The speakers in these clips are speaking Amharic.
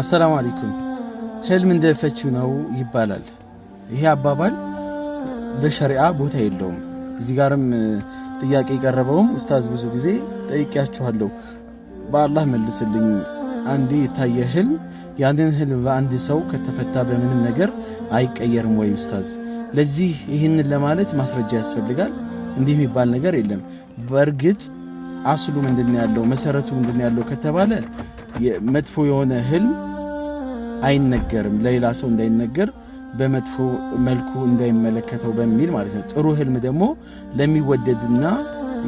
አሰላሙ አለይኩም። ህልም እንደፈችው ነው ይባላል። ይሄ አባባል በሸሪዓ ቦታ የለውም። እዚህ ጋርም ጥያቄ የቀረበውም ኡስታዝ ብዙ ጊዜ ጠይቄያችኋለሁ፣ በአላህ መልስልኝ። አንዴ የታየ ህልም ያንን ህልም በአንድ ሰው ከተፈታ በምንም ነገር አይቀየርም ወይ ኡስታዝ? ለዚህ ይህንን ለማለት ማስረጃ ያስፈልጋል። እንዲህ የሚባል ነገር የለም። በእርግጥ አስሉ ምንድን ነው ያለው መሰረቱ ምንድን ነው ያለው ከተባለ መጥፎ የሆነ ህልም አይነገርም፣ ለሌላ ሰው እንዳይነገር በመጥፎ መልኩ እንዳይመለከተው በሚል ማለት ነው። ጥሩ ህልም ደግሞ ለሚወደድና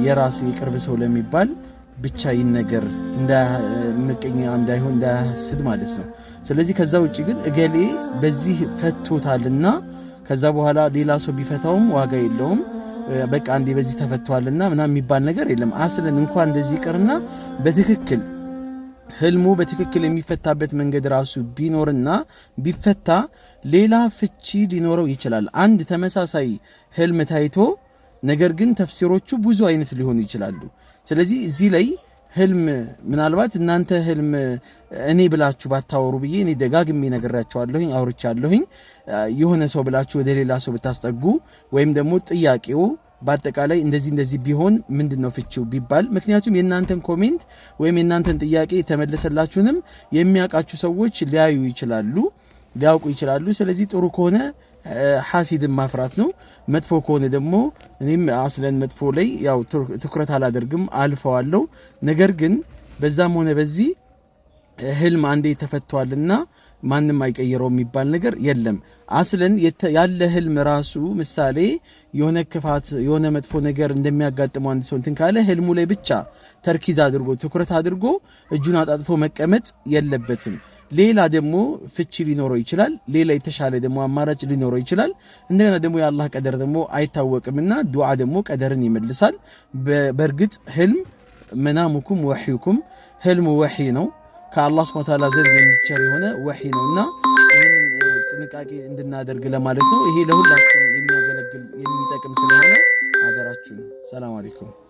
የራስ የቅርብ ሰው ለሚባል ብቻ ይነገር፣ ምቀኛ እንዳይሆን እንዳያስድ ማለት ነው። ስለዚህ ከዛ ውጭ ግን እገሌ በዚህ ፈቶታልና ከዛ በኋላ ሌላ ሰው ቢፈታውም ዋጋ የለውም በቃ እንዴ በዚህ ተፈቷልና ምናምን የሚባል ነገር የለም። አስለን እንኳን እንደዚህ ይቅርና በትክክል ህልሙ በትክክል የሚፈታበት መንገድ ራሱ ቢኖርና ቢፈታ ሌላ ፍቺ ሊኖረው ይችላል። አንድ ተመሳሳይ ህልም ታይቶ ነገር ግን ተፍሲሮቹ ብዙ አይነት ሊሆኑ ይችላሉ። ስለዚህ እዚህ ላይ ህልም ምናልባት እናንተ ህልም እኔ ብላችሁ ባታወሩ ብዬ እኔ ደጋግሜ ነግራችኋለሁኝ፣ አውርቻለሁኝ። የሆነ ሰው ብላችሁ ወደ ሌላ ሰው ብታስጠጉ ወይም ደግሞ ጥያቄው በአጠቃላይ እንደዚህ እንደዚህ ቢሆን ምንድን ነው ፍቺው ቢባል፣ ምክንያቱም የእናንተን ኮሜንት ወይም የእናንተን ጥያቄ የተመለሰላችሁንም የሚያውቃችሁ ሰዎች ሊያዩ ይችላሉ። ሊያውቁ ይችላሉ። ስለዚህ ጥሩ ከሆነ ሐሲድን ማፍራት ነው። መጥፎ ከሆነ ደግሞ እኔም አስለን መጥፎ ላይ ያው ትኩረት አላደርግም አልፈዋለሁ። ነገር ግን በዛም ሆነ በዚህ ህልም አንዴ ተፈቷልና ማንም አይቀይረው የሚባል ነገር የለም። አስለን ያለ ህልም ራሱ ምሳሌ የሆነ ክፋት የሆነ መጥፎ ነገር እንደሚያጋጥመው አንድ ሰው እንትን ካለ ህልሙ ላይ ብቻ ተርኪዝ አድርጎ ትኩረት አድርጎ እጁን አጣጥፎ መቀመጥ የለበትም። ሌላ ደግሞ ፍቺ ሊኖረው ይችላል። ሌላ የተሻለ ደግሞ አማራጭ ሊኖረው ይችላል። እንደገና ደግሞ የአላህ ቀደር ደግሞ አይታወቅምና ዱዓ ደግሞ ቀደርን ይመልሳል። በእርግጥ ህልም መናሙኩም ወሒኩም፣ ህልም ወሒ ነው ከአላህ ስብሐ ወተዓላ ዘንድ የሚቸር የሆነ ወሒ ነውና ጥንቃቄ እንድናደርግ ለማለት ነው። ይሄ ለሁላችን የሚያገለግል የሚጠቅም ስለሆነ አደራችሁ። ሰላም አለይኩም።